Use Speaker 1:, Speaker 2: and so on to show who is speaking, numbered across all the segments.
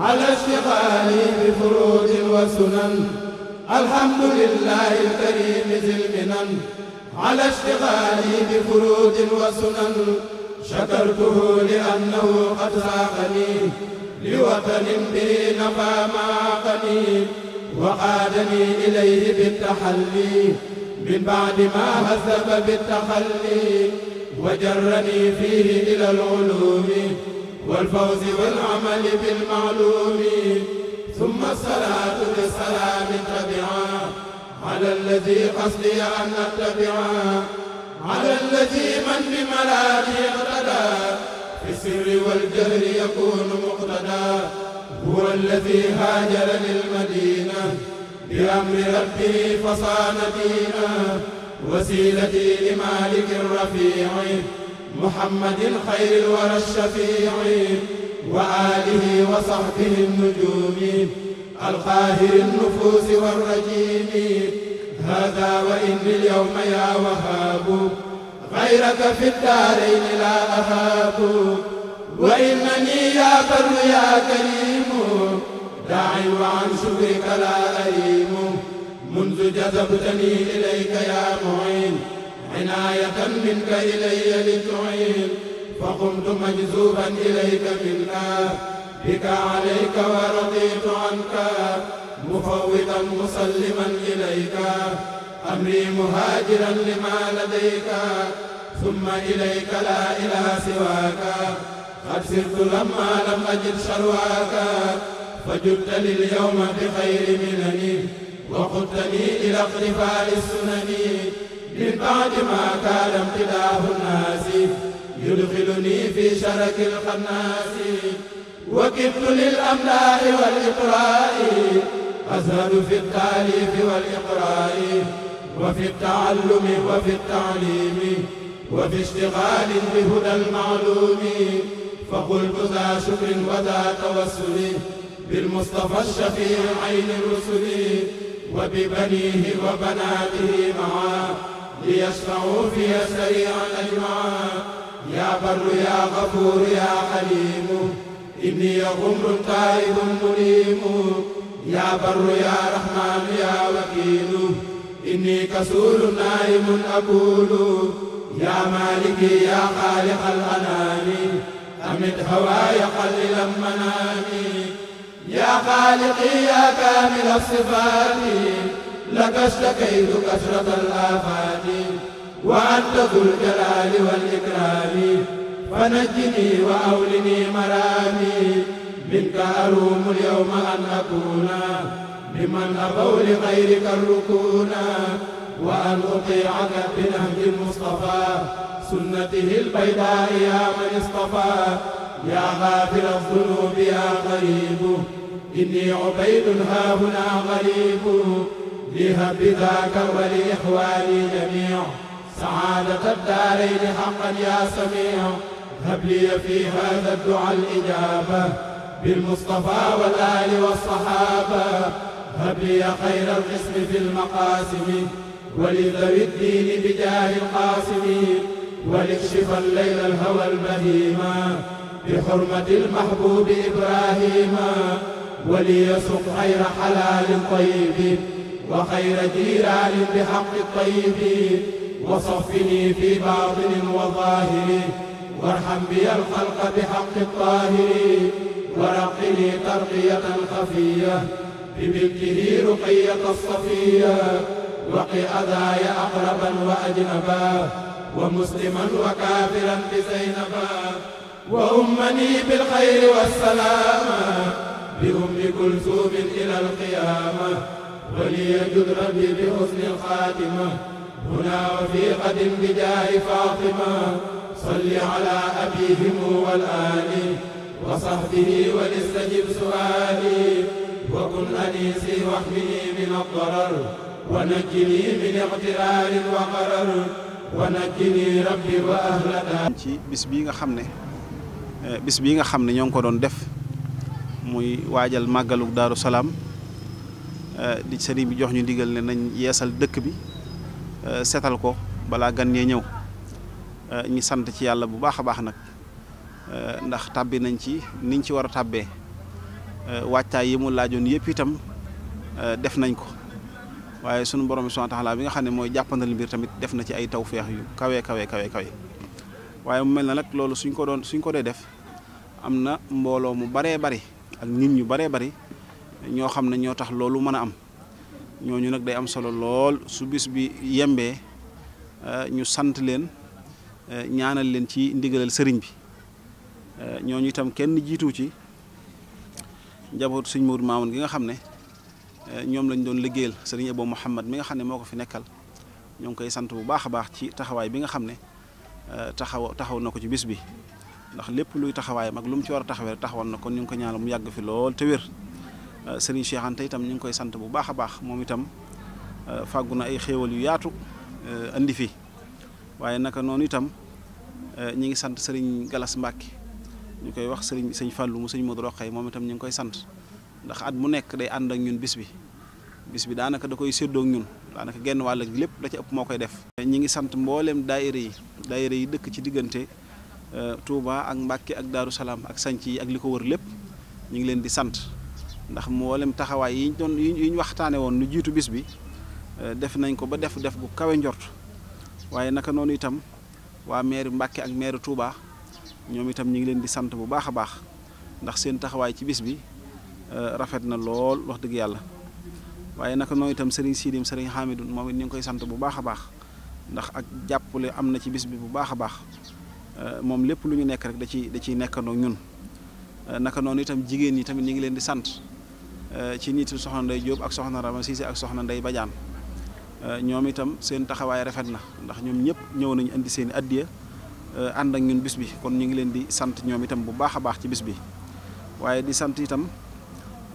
Speaker 1: على اشتغال بفروض وسنن الحمد لله الكريم ذي المنن على اشتغال بفروض وسنن شكرته لأنه قد ساقني لوطن به نفى معقني وقادني إليه بالتحلي من بعد ما هذب بالتخلي وجرني فيه إلى العلوم والفوز والعمل بالمعلوم ثم الصلاة بسلام تبعا على الذي قصدي أن أتبعا على الذي من بملاذي اقتدى في السر والجهر يكون مقتدى هو الذي هاجر للمدينة بأمر ربه فصان دينا وسيلتي لمالك الرفيع محمد خير الورى الشفيع وآله وصحبه النجوم القاهر النفوس والرجيم هذا وإني اليوم يا وهاب غيرك في الدارين لا أهاب
Speaker 2: وإنني
Speaker 1: يا بر يا كريم داعي وعن شكرك لا أريم منذ جذبتني إليك يا معين عناية منك إلي لتعين فقمت مجذوبا إليك منا بك عليك ورضيت عنك مفوضا مسلما إليك أمري مهاجرا لما لديك ثم إليك لا إله سواك قد سرت لما لم أجد شرواك فجدت لليوم بخير منني وقدتني إلى اقتفاء السنن من بعد ما كان امتداه الناس يدخلني في شرك القناس وكدت للأملاح والإقراء أزهد في التأليف والإقراء وفي التعلم وفي التعليم وفي اشتغال بهدى المعلوم فقلت ذا شكر وذا توسل بالمصطفى الشفيع عين الرسل وببنيه وبناته معا ليشفعوا في سريعا أجمعا يا بر يا غفور يا حليم إني غمر تائب مليم يا بر يا رحمن يا وكيل إني كسول نائم أقول يا مالكي يا خالق الأنام أمد هواي قلل المنام يا خالقي يا كامل الصفات لك اشتكيت كثرة الآفات وأنت ذو الجلال والإكرام فنجني وأولني مرامي منك أروم اليوم أن أكون ممن أبوا لغيرك الركون وأن أطيعك بنهج المصطفى سنته البيداء يا من اصطفى يا غافل الذنوب يا غريب إني عبيد ها هنا غريب لهب ذاك ولإخواني جميع سعادة الدارين حقا يا سميع هب لي في هذا الدعاء الإجابة بالمصطفى والآل والصحابة هب لي خير القسم في المقاسم ولذوي الدين بجاه القاسم والاكشف الليل الهوى البهيما بحرمة المحبوب إبراهيم وليسق خير حلال طيب وخير جيران بحق الطيبين وصفني في باطن وظاهر وارحم بي الخلق بحق الطاهر ورقني ترقية خفية بملكه رقية الصفية وق أذاي أقربا وأجنبا ومسلما وكافرا بزينبا وأمني بالخير والسلامة بأم كلثوم إلى القيامة وليجد ربي بحسن الخاتمة هنا وفي قد بجاه فاطمة صل على أبيهم والآل وصحبه ولستجب سؤالي وكن أنيسي واحمني من الضرر
Speaker 2: ونجني من اغترار وقرر ونجني ربي وأهل دار ci bis bii nga xam ne bis bii nga xam ne ñoo ngi ko doon def muy waajal màggalug Daaru Salaam Euh, di sëriñ bi jox ñu ndigal ne nañ yeesal dëkk bi euh, setal ko balaa gan yee ñëw euh, ñi sant ci yàlla bu baax a baax nag ndax tàbbi nañ ci niñ ci war a tàbbee waajtaay yi mu laajoon yëpp itam def nañ ko waaye sunu borom subhanahu wa ta'ala bi nga xam ne mooy jàppandal mbir tamit def na ci ay tawféex yu kawe kawe kawe kawe waaye mu mel na nag loolu suñ ko doon suñ ko dee def am na mbooloo mu baree bari ak nit ñu baree bari. ñoo xam ne ñoo tax loolu mën a am ñooñu nag day am solo lool su bis bi yembee eh, ñu sant leen eh, ñaanal leen ci ndigalal sëriñ bi eh, ñu itam kenn jiitu ci njaboot suñ Moodu Maamun gi nga xam ne ñoom lañ doon liggéeyal sëriñ Abo Muhammad mi nga xam ne moo ko fi nekkal ñoo ngi koy sant bu baax a baax ci taxawaay bi nga xam ne taxaw taxaw na ko ci bis bi ndax lépp luy taxawaay ak lu mu ci war a taxawee taxawal na kon ñu ngi ko ñaanal mu yàgg fi lool te Euh, sëriñ Cheikh Anta itam ñu ngi koy sant bu baax a baax moom itam euh, fàggu na ay xéewal yu yaatu euh, andi fi waaye naka noonu itam ñi ngi sant sëriñ Galas Mbàkke ñu koy wax sëriñ sëñ Fàllu mu sëñ Modou Roqay moom itam ñu ngi koy sant ndax at mu nekk day ànd ak ñun bis bi bis bi daanaka da koy séddoo ñun daanaka genn wàll lépp la ci ëpp moo koy def. ñi ngi sant mboolem daayira yi daayira yi dëkk ci diggante Touba ak Mbàkke ak Daaru Salaam ak sanc yi ak li ko wër lépp ñu ngi leen di sant. ndax mboolem taxawaay yi ñu doon ñu waxtaanee woon lu jiitu bis bi euh, def nañ ko ba def def bu kawe njort waaye naka noonu itam waa maire Mbàkke ak maire Touba ñoom itam ñu ngi leen di sant bu baax a baax ndax seen taxawaay ci bis bi euh, rafet na lool wax dëgg yàlla waaye naka noonu itam Serigne Sidim Serigne Hamidou moom it ñu koy sant bu baax a baax ndax ak jàppale am na ci bis bi bu baax a baax euh, moom lépp lu ñu nekk rek da ciy da ciy nekkandoo ñun naka noonu itam jigéen ñi tamit ñu ngi leen di sant. Eh, ci nit soxna Ndeye Diop ak soxna Rama ak soxna Ndeye bajaan eh, ñoom itam seen taxawaay rafet na ndax ñoom ñëpp ñëw nañu indi seen i addiya eh, ànd ak ñun bis bi kon ñu ngi leen di sant ñoom itam bu baax a baax ci bis bi waaye di sant itam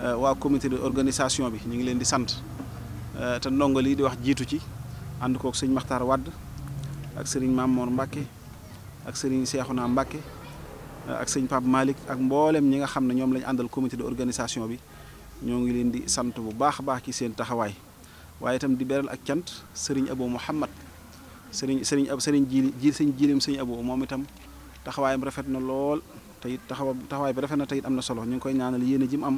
Speaker 2: waa comité organisation bi ñu ngi leen di sant te ndongo lii di wax jiitu ci ànd kook sëñ Maxtaar Wadd ak sëriñ Mamoor Mbàkke ak sëriñ naa Mbàkke ak sëñ Pape Malick ak mboolem ñi nga xam ne ñoom lañu àndal comité de organisation bi ñoo ngi leen di sant bu baax a baax ci seen taxawaay waaye itam di beral ak cant sëriñ Abo Mouhamad sëriñ sëriñ ab sëriñ jiili ji sëriñ jiilim sëriñ Abo moom itam taxawaayam rafet na lool te it taxawa taxawaay bi rafet na te am na solo ñu ngi koy ñaanal yéen a ji am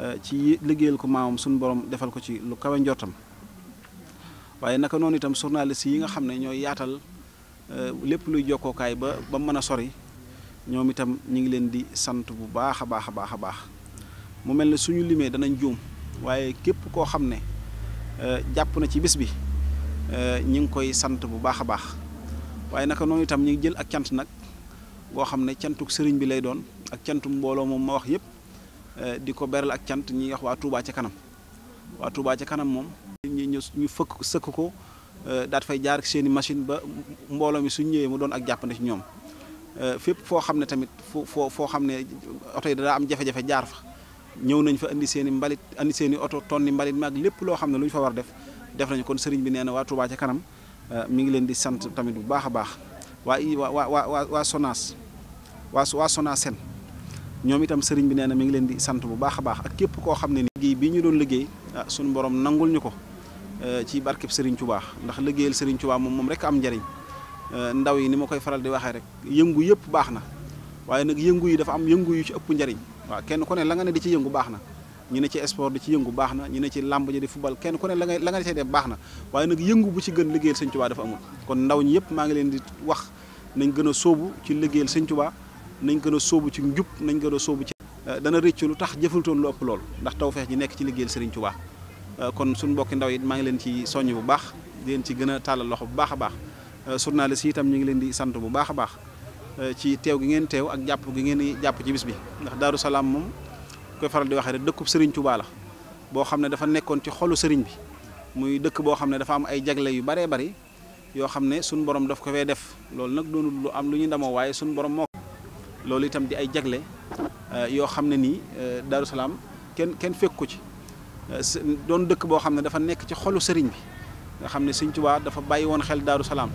Speaker 2: eh, ci liggéeyal ko maamam suñu borom defal ko ci lu kawe njortam waaye naka noonu itam journaliste yi nga xam ne ñooy yaatal eh, lépp luy jokkookaay ba ba mën a sori ñoom itam ñu ngi leen di sant bu baax a baax a baax a baax. mu mel ne suñu limee danañ juum waaye képp koo xam ne euh, jàpp na ci bis bi euh, ñi ngi koy sant bu baax a baax waaye naka noonu itam ñi ngi jël ak cant nag boo xam ne cantu sëriñ bi lay doon ak cantu mbooloo moom ma wax yëpp euh, di ko beral ak cant ñi wax waa Touba ca kanam waa Touba ca kanam moom ñu ñu fëkk sëkk ko daat fay jaar seeni machine ba mbooloo mi suñ ñëwee mu doon ak jàppande ci ñoom fépp foo xam ne tamit foo foo xam ne oto yi daa am jafe-jafe fa ñëw nañ fa indi seen i mbalit indi seen i oto tonni mbalit maag lépp loo xam ne lu ñu fa war def def nañu kon sëriñ bi nee na waa Touba ca kanam euh, mi ngi leen di sant tamit bu baax a baax waa waa waa waa Sonas waa waa Sonasen ñoom itam sëriñ bi nee na mi ngi leen di sant bu baax a baax ak képp koo xam ne ni liggéey bi ñu doon liggéey ah suñu borom nangul ñu ko euh, ci barkeb sëriñ Touba ndax liggéeyal sëriñ Touba moom moom rek am njariñ euh, ndaw yi ni ma koy faral di waxee rek yëngu yëpp baax na waaye nag yëngu yi dafa am yëngu yu ci ëpp njariñ waaw kenn ku ne la nga ne di ci yëngu baax na ñu ne ci sport di ci yëngu baax na ñu ne ci làmb ji di football kenn ku ne la nga la nga cay def nag yëngu bu ci gën liggéeyal Sëñ Tuubaa dafa amul kon ndaw ñi yëpp maa ngi leen di wax nañ gën a sóobu ci liggéeyal Sëñ Tuubaa nañ gën a sóobu ci njub nañ gën a sóobu ci eh, dana rëcc lu tax jëfaltoon lu ëpp lool ndax tawfeex ji nekk ci liggéeyal Sëriñ Tuubaa eh, kon suñu mbokki ndaw yi maa ngi leen ci soññ bu baax di leen ci gën a tàllal loxo bu baax a baax eh, journaliste yi itam ñu ngi leen di sant bu baax a baax Eh, ci teew gi ngeen teew ak jàpp gi ngeen jàpp ci bis bi ndax Daaru Salaam moom koy faral di waxee rek dëkku Serigne Touba la boo xam ne dafa nekkoon ci xolu sëriñ bi muy dëkk boo xam ne dafa am ay jagle yu baree bari yoo xam ne suñu borom daf ko fee def loolu nag doonul am lu ñu ndamoo waaye suñu borom moo loolu itam di ay jagle eh, yoo xam ne nii eh, Daaru Salaam kenn kenn fekk ko ci doon dëkk boo xam ne dafa nekk ci xolu Serigne bi nga xam ne sëñ Touba dafa bàyyi woon xel Daaru Salaam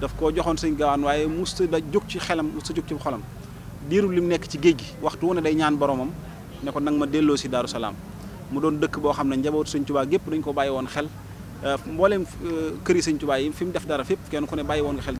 Speaker 2: daf koo joxoon sëñ gaawaan waaye musta da jóg ci xelam musta jóg ci xolam diirub lim nekk ci géej gi waxtu wu ne day ñaan boromam ne ko nag ma delloo si Daaru Salaam mu doon dëkk boo xam ne njaboot sëñ Tuubaa gépp dañ ko bàyyi woon xel euh, mbooleem euh, këri sëñ Tuubaa yi fi mu def dara fépp kenn ku ne bàyyi woon nga xel